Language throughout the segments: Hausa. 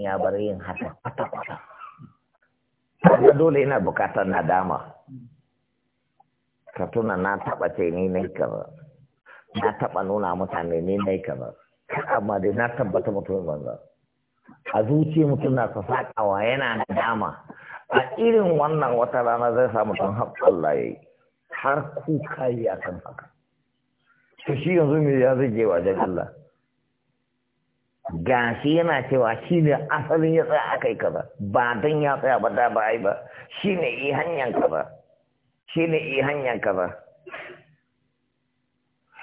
ya bar yin haka kwata-kwata kaga dole yana bukatar nadama ka tuna na taba ce ni yi kaza na taba nuna mutane ni na nai kaza amma dai na tabbata mutum banza a zuci mutum na sa sakawa yana nadama a irin wannan wata rana zai sa mutum har Allah yayi har kuka yi kan haka to shi yanzu mai ya zage wajen Allah gashi yana cewa shi ne asalin ya tsaya aka yi kaza ba don ya tsaya ba da ba ai ba shi ne yi hanyar kaza shi ne yi hanyar kaza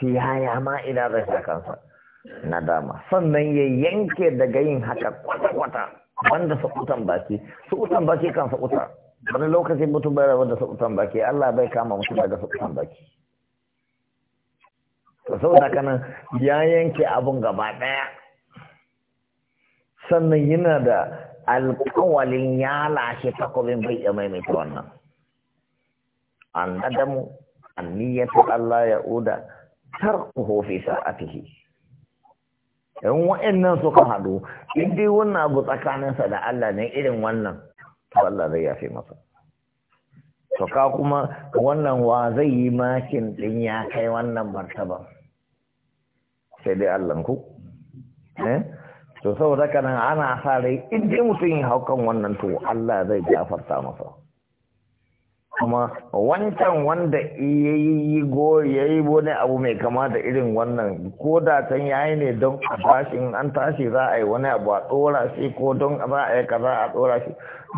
yaya ma ina zai sa kansa na dama sannan ya yanke daga yin haka kwata-kwata wanda sakutan baki sakutan baki kan sakuta wani lokacin mutum bai rabu da sakutan baki Allah bai kama mutum daga sakutan baki to saboda kanan ya yanke abun gaba daya sannan yana da alƙawalin ya lashe takobin bai iya maimaita wannan an adamu an niyyata Allah ya uda tarkuhu fi sa'atihi in wa'annan suka hadu in dai wannan abu tsakaninsa da Allah ne irin wannan to Allah zai yafe masa to ka kuma wannan wa zai yi makin din ya kai wannan martaba sai dai Allah ku eh to saboda haka nan ana sa rai in dai mutum yin haukan wannan to Allah zai gafarta masa kuma wancan wanda ya yi yi wani abu mai kama da irin wannan ko da can ya ne don a tashi in an tashi za a yi wani abu a ɗora shi ko don za a yi kaza a ɗora shi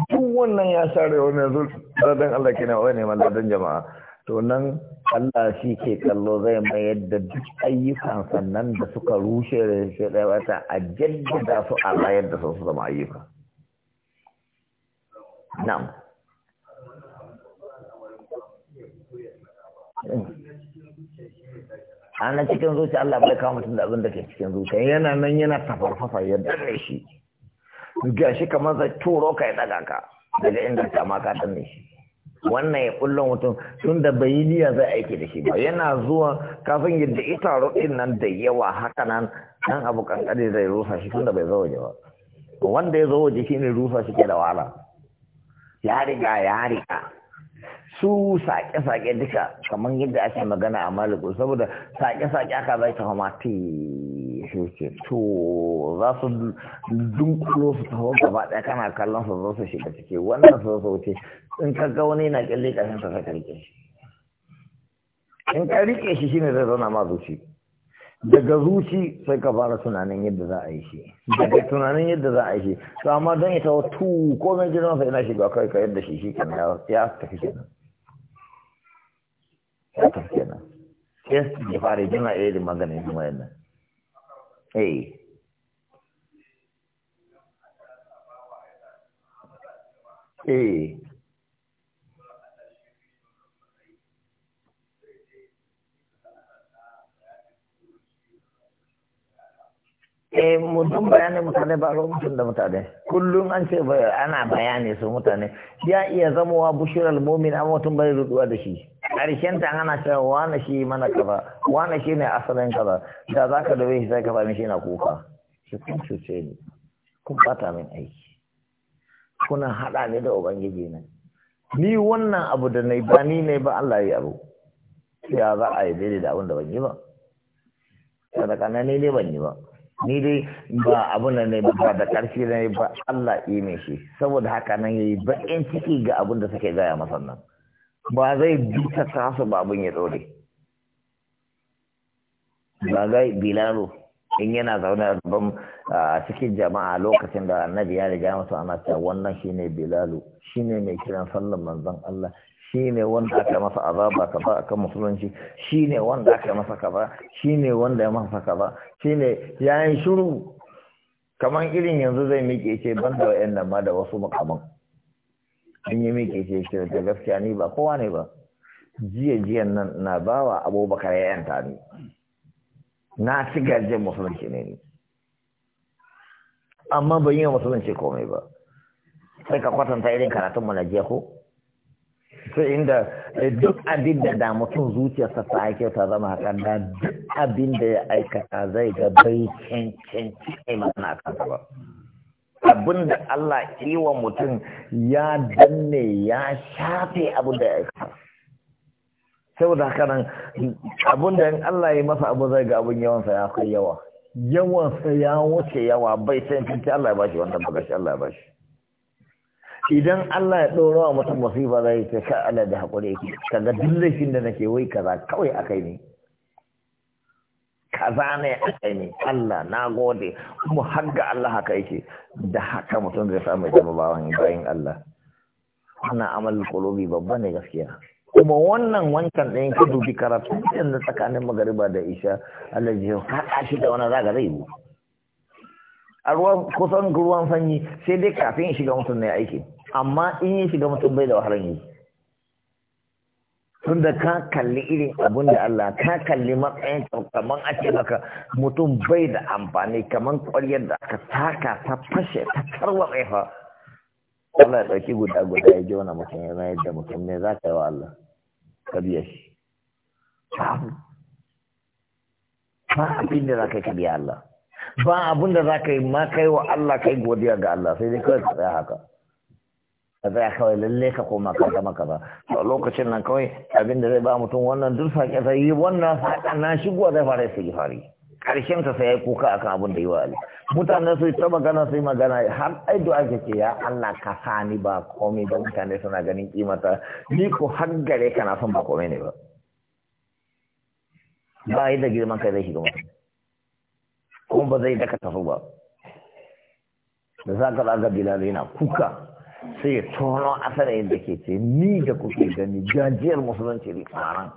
duk wannan ya share wani zulɗaɗin Allah kina wani maladan jama'a to nan Allah shi ke kallo zai mayar da duk ayyukan sannan da suka rushe da shi rushe wata a jaddada su a bayan da su zama ayyuka na'am ana cikin zuciya Allah bai kawo mutum da abin da ke cikin zuciya yana nan yana tafarfafa ya danne shi ga shi kamar zai turo ka ya daga ka daga inda ta maka danne shi wannan ya ƙulla mutum tun da bai yi niyya zai aiki da shi ba yana zuwa kafin yadda ita roƙin nan da yawa haka nan nan abu kankare zai rusa shi tun da bai zo waje ba wanda ya zo waje shi ne rusa shi ke da wahala ya riga ya riga su sake-sake duka kamar yadda ake magana a maliku saboda sake-sake aka zai ta shuke to za su dunkulo su taho gaba ɗaya kana kallon su zo su shiga ciki wannan su zo wuce in ka ga wani na kyalle ƙarshen ta ka rike shi in ka rike shi shine zai zauna ma zuci daga zuci sai ka fara tunanin yadda za a yi shi daga tunanin yadda za a yi shi to amma don ita tu ko mai jirgin sa ina shiga kai ka yadda shi shi kan ya tafi kenan ya tafi kenan sai ya fara jina irin maganin jima'in nan eh eh eh mutum bayanin mutane ba mutum da mutane kullum an ce ana bayani su mutane ya iya zamowa bushirar momin amma mutum bai ruduwa da shi ƙarshen ta ana cewa wani shi mana kaza wani shi ne asalin kaza da za ka dawe shi sai ka sami shi na kuka shi kun cuce ni kun bata min aiki kuna haɗa ne da ubangiji ne ni wannan abu da na ba ni ne ba Allah ya abu ya za a yi daidai da abin da ban yi ba sadaka na ne ban yi ba ni dai ba abu nan ne ba da ƙarfi ne ba Allah ya yi shi saboda haka nan yayi bakin ciki ga abin da suke gaya masa nan ba zai bita kasu abin ya dore ba zai bilalo in yana zaune a cikin jama'a lokacin da annabi ya riga masu ana cewa wannan shine bilalu shine mai kiran sallan manzon Allah shine wanda aka masa azaba ba akan musulunci shine wanda aka masa shi shine wanda ya masa kaza shine yayin shiru kamar irin yanzu zai miƙe ce ban banda nan ma da wasu makaman an yi mai keke ce da gaskiya ni ba kowa ne ba jiya jiyan nan na bawa abubakar ya yanta ni na ci gajiyar musulunci ne amma ban yi wa musulunci komai ba sai ka kwatanta irin karatun mu na jiya ko sai inda eh, duk abin da da mutum zuciyarsa ta ake ta zama haka da duk abin da ya aikata zai ga bai cancanci a yi mana a kansa ba abin da Allah wa mutum ya danne ya shafe abin da ya kasa. saboda haka nan abin da in Allah ya masa abu zai ga abin yawansa ya kai yawa yawansa ya wuce yawa bai san fiti Allah ya bashi wanda bagashi Allah ya bashi idan Allah ya ɗora wa mutum masifa zai ce ka Allah da haƙuri yake kaga duk laifin da nake wai kaza kawai akai ne kaza ne ne Allah na gode kuma har ga Allah haka yake da haka mutum zai samu zama bawan bayan Allah ana amal kulubi babba ne gaskiya kuma wannan wancan ɗayan ka dubi karatu ɗin na tsakanin magariba da isha Allah ji haɗa shi da wani zaga zai yi a ruwan kusan ruwan sanyi sai dai kafin shiga mutum ne aiki amma in ya shiga mutum bai da wahalar yi tun da ka kalli irin abun da Allah ka kalli matsayin kamar a ce maka mutum bai da amfani kamar ƙwaryar da aka taka ta fashe ta karwa fa Allah ya ɗauki guda guda ya ji wani mutum ya mayar da mutum ne za ka yi wa Allah ka biya shi ba abin da za ka yi ka Allah ba abin da za ka yi ma kai wa Allah kai godiya ga Allah sai dai kawai ka tsaya haka ka tsaya kawai lalle ka koma ka zama ka ba a lokacin nan kawai abin da zai ba mutum wannan duk sake sai yi wannan haɗa na shigowa zai fara sai fari karshen ta sai kuka akan abin da yi wa mutane su ta magana su magana har ai du'a ke ce ya Allah ka sani ba komai ba mutane suna ganin kimata ni ko har gare kana son ba komai ne ba ba yi da girman kai zai shiga mutum kuma ba zai daka tafi ba da za ka zaga bilal kuka sai tono asalin da ke ce ni da kuke gani gajiyar musulunci ne kwanan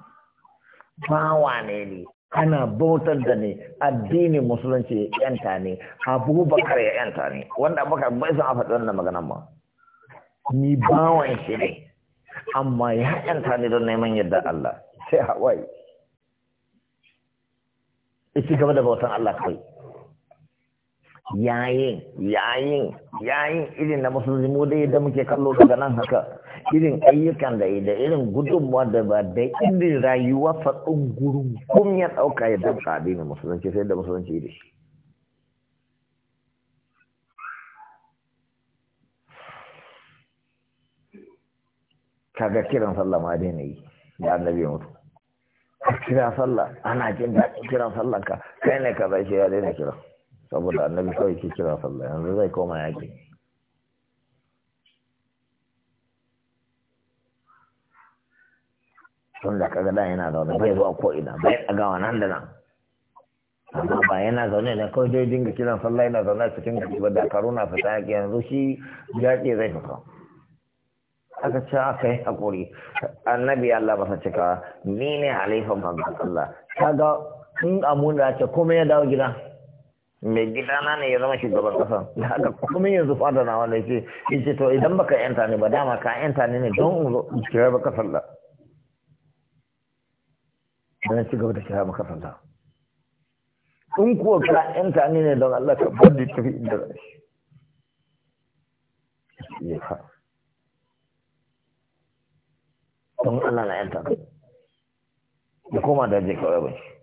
bawa ne ne ana bautar da ne addinin musulunci ya yanta ne abubakar ya yanta ne wanda abubakar bai san a faɗi wannan maganan ba ni bawan shi ne amma ya yanta ne don neman yadda Allah sai hawaii isi gaba da bautan Allah kawai yayin yayin yayin irin na musulmi dai da muke kallo daga nan haka irin ayyukan da da irin gudunmuwa da ba da irin rayuwa faɗin kun ya ɗauka ya a addinin musulunci sai da musulunci da shi kaga kiran sallah ma dai yi da annabi mutu kira sallah ana jin daɗin kiran sallah ka kai ne ka zai shi ya daina kiran saboda annabi kawai ke kira sallah yanzu zai koma yaki. tun da kaga da yana zaune bai zuwa ko ina bai tsagawa nan da nan amma ba yana zaune ne kawai dai dinga kiran sallah yana zaune cikin gari ba dakaru na fita yaki yanzu shi yaki zai fita aka ce aka yi hakuri, annabi Allah ba sa cika ni ne halifan manzon sallah kaga in amuna ce komai ya dawo gida mai gidana ne ya zama shugaban kasa da haka kuma yanzu fada na wanda yake yace to idan baka yanta ne ba dama ka yanta ne ne don uzo kira baka sallah dan ci gaba da kira maka sallah in kuwa ka yanta ne ne don Allah ka da tafi inda shi. ka don Allah na yanta ka ya koma da je kawai ba shi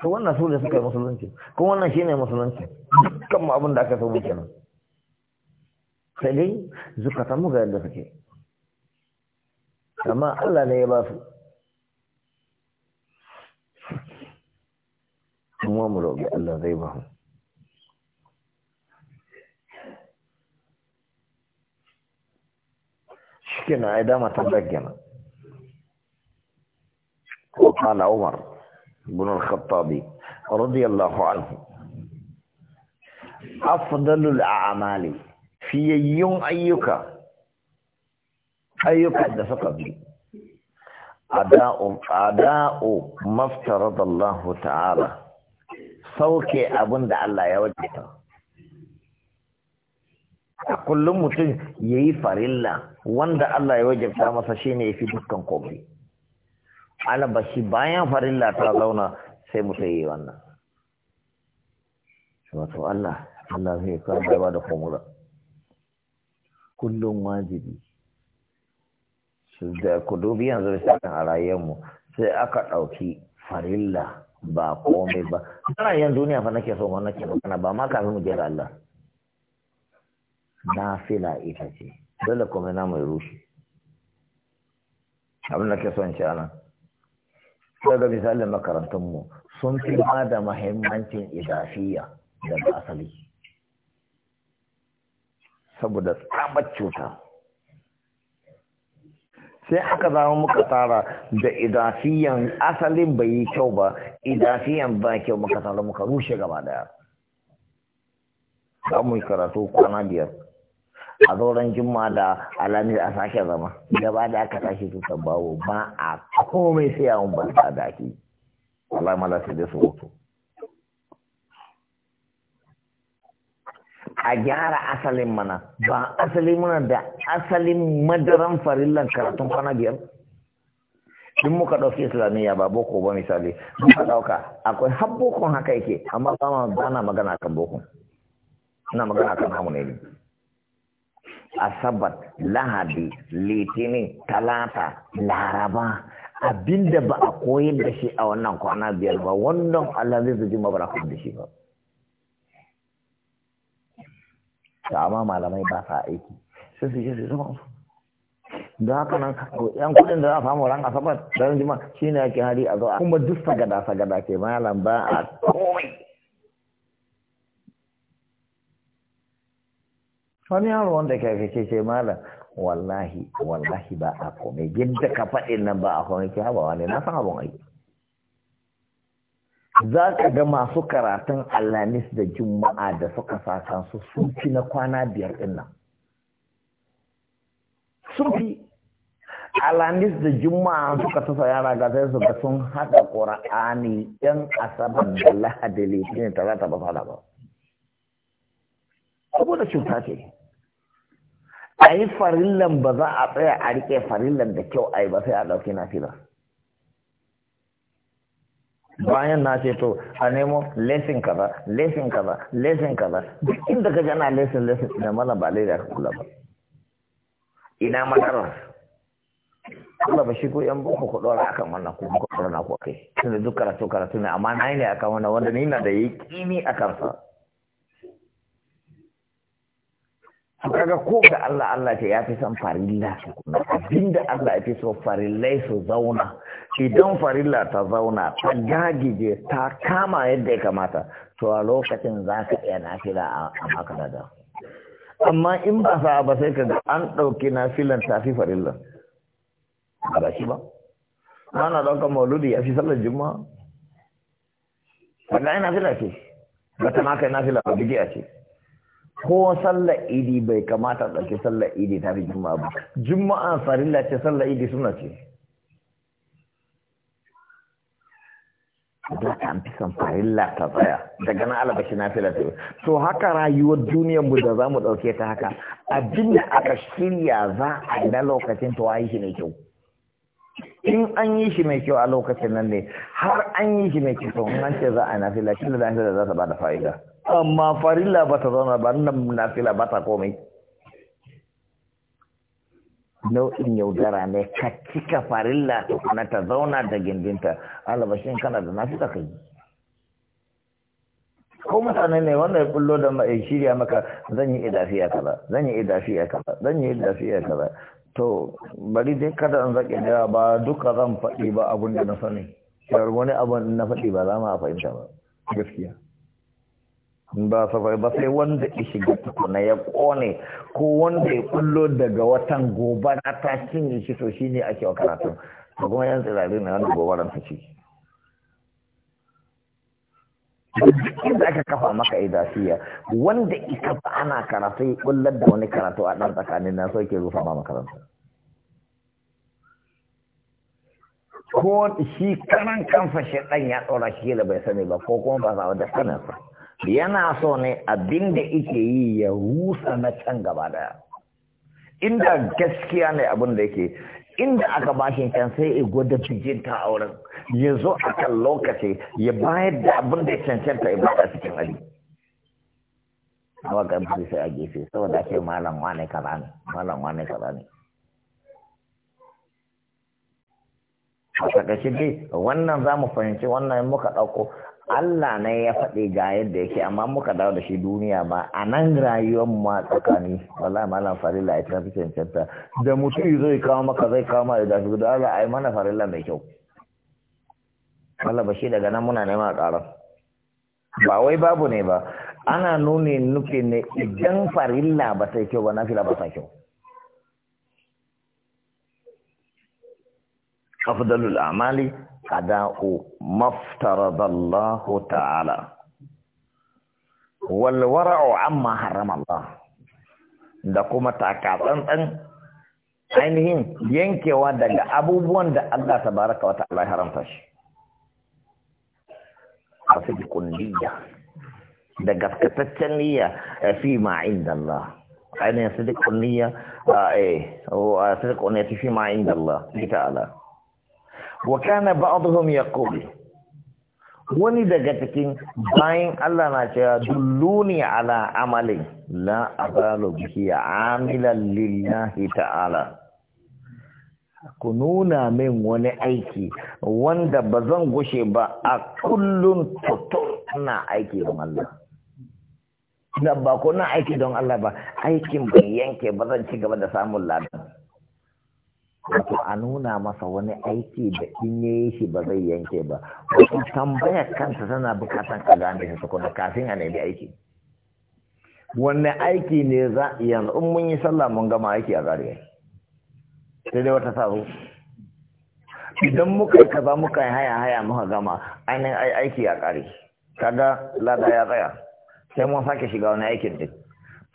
to wannan su ne suka yi musulunci kuma wannan shi ne musulunci dukkan mu abin da aka sau mu sai dai zukata mu ga yadda suke amma Allah ne ya ba su kuma mu roƙi Allah zai ba mu ke na dama tabbar kenan ko kana Umar بن الخطابي رضي الله عنه أفضل الأعمال في يوم أيك أيك دفق قبلي أداء أداء ما افترض الله تعالى سوك أبن دع الله يوجد أقول لهم يي الله وان دع الله يوجد فما سشيني في دكتن قبري alabashi bayan farilla ta zauna sai mu sai wannan wato Allah Allah zai kawo ba da kumura kullum wajibi da ku dubi yanzu misalin a rayuwarmu sai aka ɗauki farilla ba komai ba yan duniya fa nake son wannan ke kana ba ma kafin mu je Allah na fila ita ce dole kuma na mai rushe abin da ke son ci anan daga misalin mu sun fi ma da mahimmancin idafiya da asali saboda tsabar cuta sai aka zama muka tara da idafiyan asalin bai yi kyau ba idafiyan ba kyau muka tara muka rushe gaba daya za mu yi karatu kwana biyar a zauren juma da alami a sake zama gaba da aka tashi tutar bawo ba a komai sai yawon ba ta da ake alama da su da su wuto a gyara asalin mana ba asalin mana da asalin madaran farillan karatun kwana biyar in muka ɗauki islamiyya ba boko ba misali muka ɗauka akwai har bokon haka yake amma ba na magana kan bokon ina magana kan namu ne asabar lahadi litinin talata laraba abinda ba a koyar da shi a wannan kwana biyar ba wannan allah zai zuji mabarakun da shi ba ta amma malamai ba sa aiki sai su je su zama su da haka nan yan kudin da za a samu ran asabar da ran jima shine ake hari a zuwa kuma duk sagada sagada ke malam ba a komai wani yaro wanda ka fi ce ce wallahi wallahi ba a komai yadda ka faɗi nan ba a komai ke haɓawa ne na san abin aiki za ka ga masu karatun allanis da juma'a da suka sa kansu sun fi na kwana biyar ɗin nan sun fi alamis da juma'a suka tasa yara ga sai su ga sun haɗa ƙura'ani yan asabar da lahadi litinin talata ba fada ba da cuta ce a yi farillan ba za a tsaya a riƙe farillan da kyau a yi ba sai a ɗauki na fila bayan na ce to a nemo lesin kaza lesin kaza lesin kaza duk inda ka ana lesin lesin da mana ba laida ka kula ba ina madarar kula ba shi ko yan boko ku ɗora kan wannan ko ku ɗora na ku kai tunda duk karatu karatu ne amma na yi ne akan wannan wanda ni na da yi kini a kansa kaga ko ga Allah Allah ce ya fi son farilla abinda Allah ya fi so farillai su zauna idan farilla ta zauna ta gagije ta kama yadda ya kamata to a lokacin za ka iya nafila a makana da amma in ba sa ba sai ka ga an ɗauki nafilan ta fi farilla ba shi ba ana ɗaukar mauludi ya fi sallar juma'a kaga ai nafila ce ba ta maka kai nafila ba bigiya ce ko sallar idi bai kamata ɗauki sallar idi ta fi juma'a ba juma'a farilla ce sallar idi suna ce da an fi san farilla ta tsaya daga na alabashi na fi lafiya to haka rayuwar duniyar mu da za mu ɗauke ta haka da aka shirya za a na lokacin to yi shi mai kyau in an yi shi mai kyau a lokacin nan ne har an yi shi mai kyau to an ce za a na fi lafiya za ta ba da fa'ida amma farilla ba ta zauna ba nan nafila ba ta komai nau'in yaudara ne ka cika farilla tukuna ta zauna da gindinta alabashin kana da nafila ka yi ko mutane ne wanda ya kullo da mai shirya maka zan yi idafiya kaza zan yi idafiya kaza zan yi idafiya kaza to bari dai kada an zake da ba duka zan faɗi ba abun da na sani yar wani abun na faɗi ba za ma fahimta ba gaskiya ba safai ba sai wanda ya shiga tukuna ya kone ko wanda ya kullo daga watan gobe na ta cinye shi to shi ne ake wa karatu to kuma yan tsirari na wanda gobaran ta Duk inda aka kafa maka idasiya wanda ita ba ana karatu ya kullar da wani karatu a dan tsakanin na so ke rufa ma makaranta ko shi karan kansa shi dan ya ɗora shi da bai sani ba ko kuma ba za a da sanarsa yana so ne abin da yi ya rusa na can gaba daya inda gaskiya ne abin da yake inda aka bashi can sai ya gwada bijinta a wurin ya zo a kan lokaci ya bayar da abin da ya cancanta ya bada cikin ali awa ga su sai a gefe saboda ake malam wane kaza ne malam wane kaza ne a takaice dai wannan za mu fahimci wannan muka dauko. Allah ne ya faɗi ga yadda yake amma muka dawo da shi duniya ba a nan rayuwar ma tsakani wallahi malam farilla ya tafi cancanta da mutum zai kawo maka zai kawo ma da su da Allah ai mana farilla mai kyau Allah ba shi daga nan muna neman ƙarar ba wai babu ne ba ana nuni nufin ne idan farilla ba sai kyau ba nafila ba sai kyau أفضل الأعمال أداء ما افترض الله تعالى والورع عما حرم الله دقوم تاكاتن أن أينهم ينكي ودق أبو بوان الله تبارك وتعالى حرم تش أفضل كنية دقا تتنية فيما عند الله أن يصدق النية؟ آه إيه هو يصدق النية فيما عند الله تعالى wa kana ba'dhum yaqul wani daga cikin bayan Allah na cewa dulluni ala amali la azalu bihi amilan lillahi ta'ala ku nuna min wani aiki wanda ba zan gushe ba a kullun tutur na aiki don Allah Na ba ko na aiki don Allah ba aikin bai yanke ba zan ci gaba da samun ladan wato a nuna masa wani aiki da in ya yi shi ba zai yanke ba wato tambayar kansa tana bukatan a gane shi tukuna kafin a nemi aiki wanne aiki ne za yanzu in mun yi sallah mun gama aiki a zariya sai dai wata saro idan muka yi kaza muka yi haya haya muka gama ainihin aiki a kare kaga lada ya tsaya sai mun sake shiga wani aikin din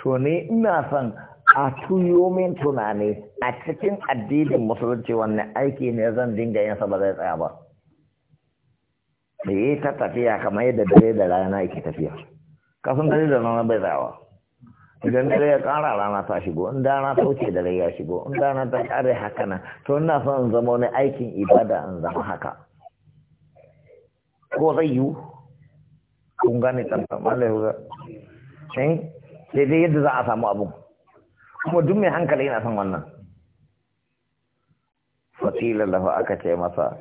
to ne ina son a tuyomin tunani a cikin addinin musulunci wannan aiki ne zan dinga yin sa ba zai tsaya ba da yi ta tafiya kamar yadda dare da rana yake tafiya kasan dare da rana bai tsayawa idan dare ya kara rana ta shigo in dana ta wuce dare ya shigo in dana ta kare haka nan to ina son in zama wani aikin ibada in zama haka ko zai yiwu kun gane tantan malai eh? sai dai yadda za a samu abun kuma duk mai hankali yana san wannan fatila lahu aka ce masa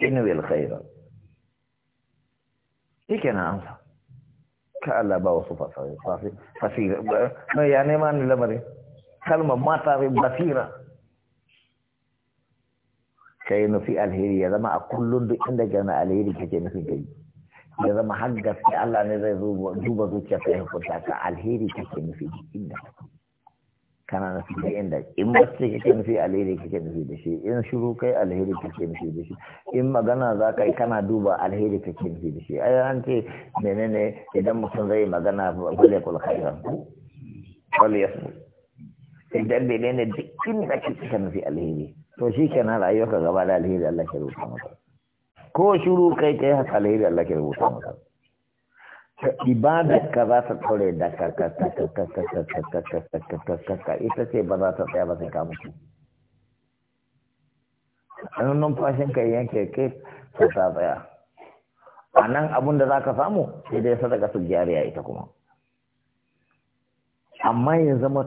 inwil khair yake na amsa ka Allah ba wasu fasira no ya nema ni lamari kalma mata bi basira kai no fi alheri ya zama a kullun duk inda gana alheri kake nufin kai ya zama har gaske Allah ne zai duba zuciya ta yi hukunta ka alheri kake nufi inda ka kake kana nufi da inda in su kake nufi alheri kake nufi da shi in shiru kai alheri kake nufi da shi in magana za ka yi kana duba alheri kake nufi da shi ai an ce menene idan mutum zai magana bale kula khairan bale yasu idan menene duk inda kake nufi alheri to shi kenan ka gaba da alheri Allah ke rubuta maka ko shiru kai kai haka alheri Allah ke rubuta maka ibadar ka za ta tsore da ka ka ka ka ba za ta tsaya ba yanke ta a samu dai ita kuma amma zama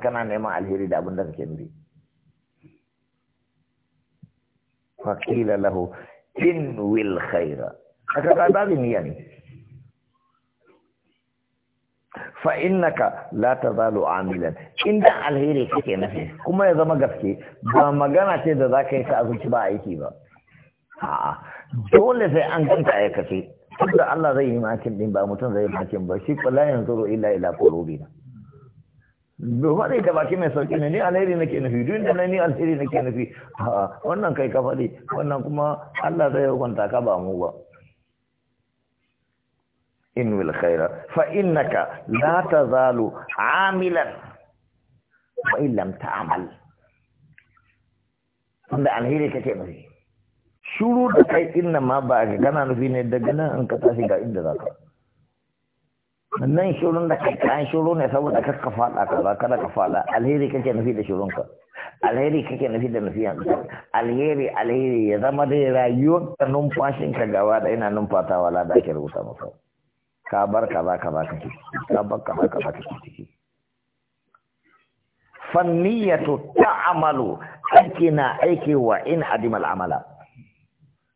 kana neman alheri da abin da jin wil khaira Ada ka babu niyya ne fa innaka la tazalu amilan inda alheri kake nafi kuma ya zama gaske ba magana ce da zaka yi ta azuci ba aiki ba a'a dole sai an ganta aikace tunda Allah zai yi makin din ba mutum zai yi makin ba shi kullayen zuru illa ila qulubina faɗi da baki mai sauki ne ni alheri nake nufi duk da ni alheri nake nufi wannan kai ka faɗi wannan kuma Allah zai hukunta ka ba mu ba in wil khaira fa innaka la tazalu amilan wa illam ta'mal wanda alheri kake nufi shuru da kai inna ma ba ga kana nufi ne daga nan in ka tashi ga inda zaka nan shirin da kai kayan shiru ne saboda fada ka ba kaza kada ka fada alheri kake nufi da shirunka alheri kake nufi da nufiyan alheri alheri ya zama dai rayuwar ka numfashin ka gaba da ina wala da ake rubuta maka ka bar kaza kaza kake ka bar kaza kaza kake ciki fanniyatu ta'malu aiki na aiki wa in adimal amala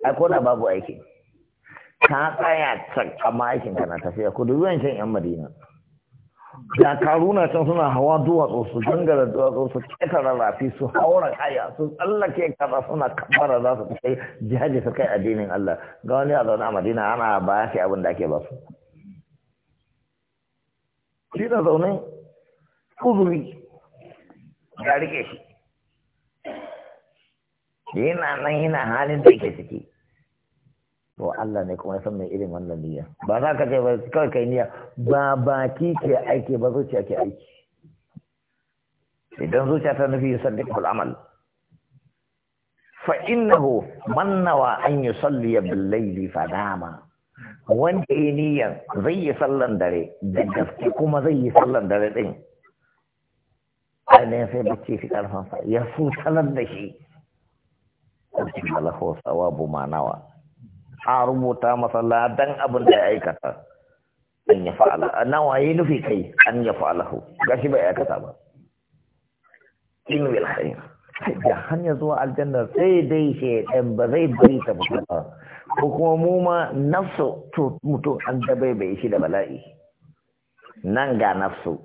ai ko da babu aiki ta tsaya a aikin kana tafiya ku duk zuwan can yan madina da karuna can suna hawa duwatsu su gangara duwatsu su ketara rafi su haura kaya su tsallake kaza suna kabara za su kai jihadi su kai addinin Allah ga wani a zaune a madina ana ba shi abin da ake ba su shi na zaune kuzuri ya rike shi yana nan yana halin da yake ciki to Allah ne kuma ya san mai irin wannan niyya ba za ka ce ba kawai kai niyya ba baki ke aiki ba zuciya ke aiki idan zuciya ta nufi yusaddiqu al-amal fa innahu man nawa an yusalli bil layli fa dama wanda yi zai yi sallan dare da gaske kuma zai yi sallan dare din ainihin sai bacci fi karfansa ya su sanar da shi ko shi malahu ma nawa a rubuta masa ladan abin da ya aikata an ya fa'ala nawa waye nufi kai an ya fa'alahu gashi bai aikata ba in wil khair ya hanya zuwa aljanna sai dai shi d'an ba zai bari ta mutu ba ko kuma mu ma nafsu to mutu an da bai bai shi da bala'i nan ga nafsu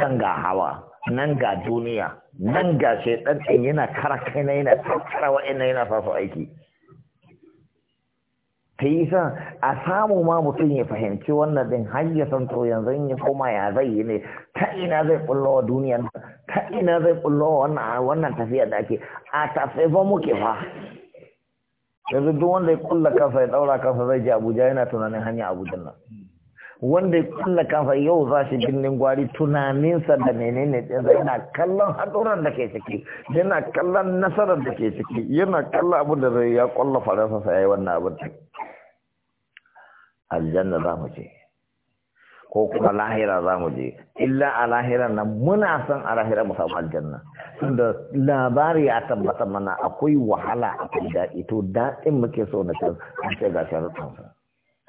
nan ga hawa nan ga duniya nan ga shaytan din yana kara na yana tattara wa'annan yana fafa aiki ta yi sa a samu ma mutum ya fahimci wannan din har ya san to yanzu ya koma ya zai yi ne ta ina zai bullo wa duniya ta ina zai bullo wa wannan tafiya da ake a tafe ba muke fa yanzu duk wanda ya kulla kansa ya daura kansa zai je Abuja yana tunanin hanya Abuja nan wanda ya kulla kansa yau za shi birnin gwari tunaninsa da menene ɗinsa yana kallon haɗuran da ke ciki yana kallon nasarar da ke ciki yana kallon abin da zai ya kwallo faransa sa yayi wannan abin aljanna za mu je ko kuma lahira za mu je illa a lahira nan muna son a lahira mu samu aljanna tunda labari ya tabbata mana akwai wahala akwai daɗi to daɗin muke so na can a ce ga sharuɗansa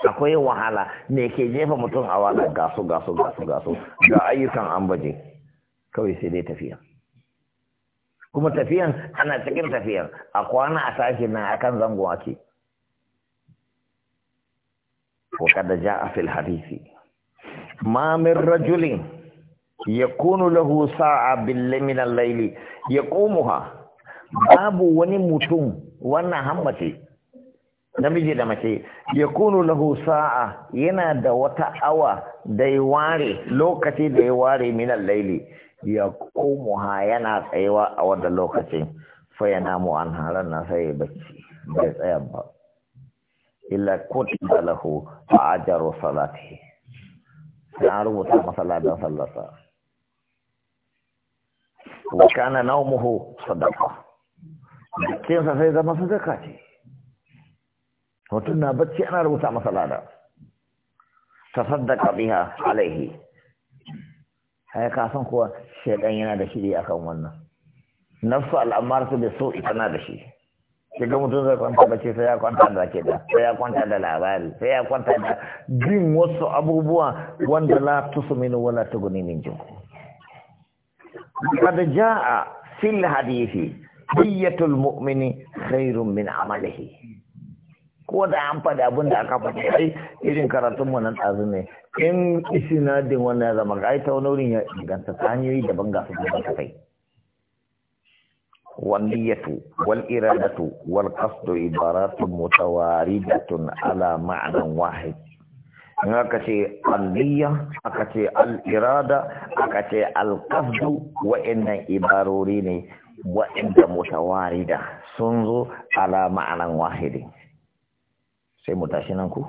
akwai wahala me ke jefa mutum a wada gasu gasu gasu gasu ga ayyukan an baje kawai sai dai tafiya kuma tafiyan ana cikin tafiyan a kwana a sashi na akan zango ake وقد جاء في الحديث ya kunu yakunu sa'a له minan بالليل ya komo ha. babu wani mutum wannan hammace namiji da mace ya kunu lahu sa'a yana da wata awa da ya ware lokaci da ya ware minan laili ya komuha yana tsayewa a wadda lokacin faya namu an halar na sai bacci bai tsaya ba illa kutiba lahu a ajaru salati Na rubuta masa ladan sallarsa wa kana naumuhu sadaqa jikinsa sai zama sadaka ce mutum na bacci ana rubuta masa lada tasaddaqa biha alaihi sai ka san kuwa shedan yana da shiri akan wannan nafsu al'amar su da ita na da shi shiga mutum zai kwanta bacci sai ya kwanta da da sai ya kwanta da labari sai ya kwanta da jin wasu abubuwa wanda la tusminu wala tuguni min jin kada jaa fil hadisi diyyatul mu'mini khairun min amalihi ko da an faɗi abin da aka faɗi ai irin karatun mu nan ɗazu ne in sinadin wani ya zama ga ita wani wurin ya inganta ta hanyoyi daban ga su daban ka kai waliyatu wal iradatu wal qasdu ibaratun mutawaridatun ala ma'nan wahid in aka ce aliyya aka ce al irada aka ce al qasdu wa innan ibarori ne wa inda mutawarida sun zo ala ma'nan wahidin sai mu tashi nan ku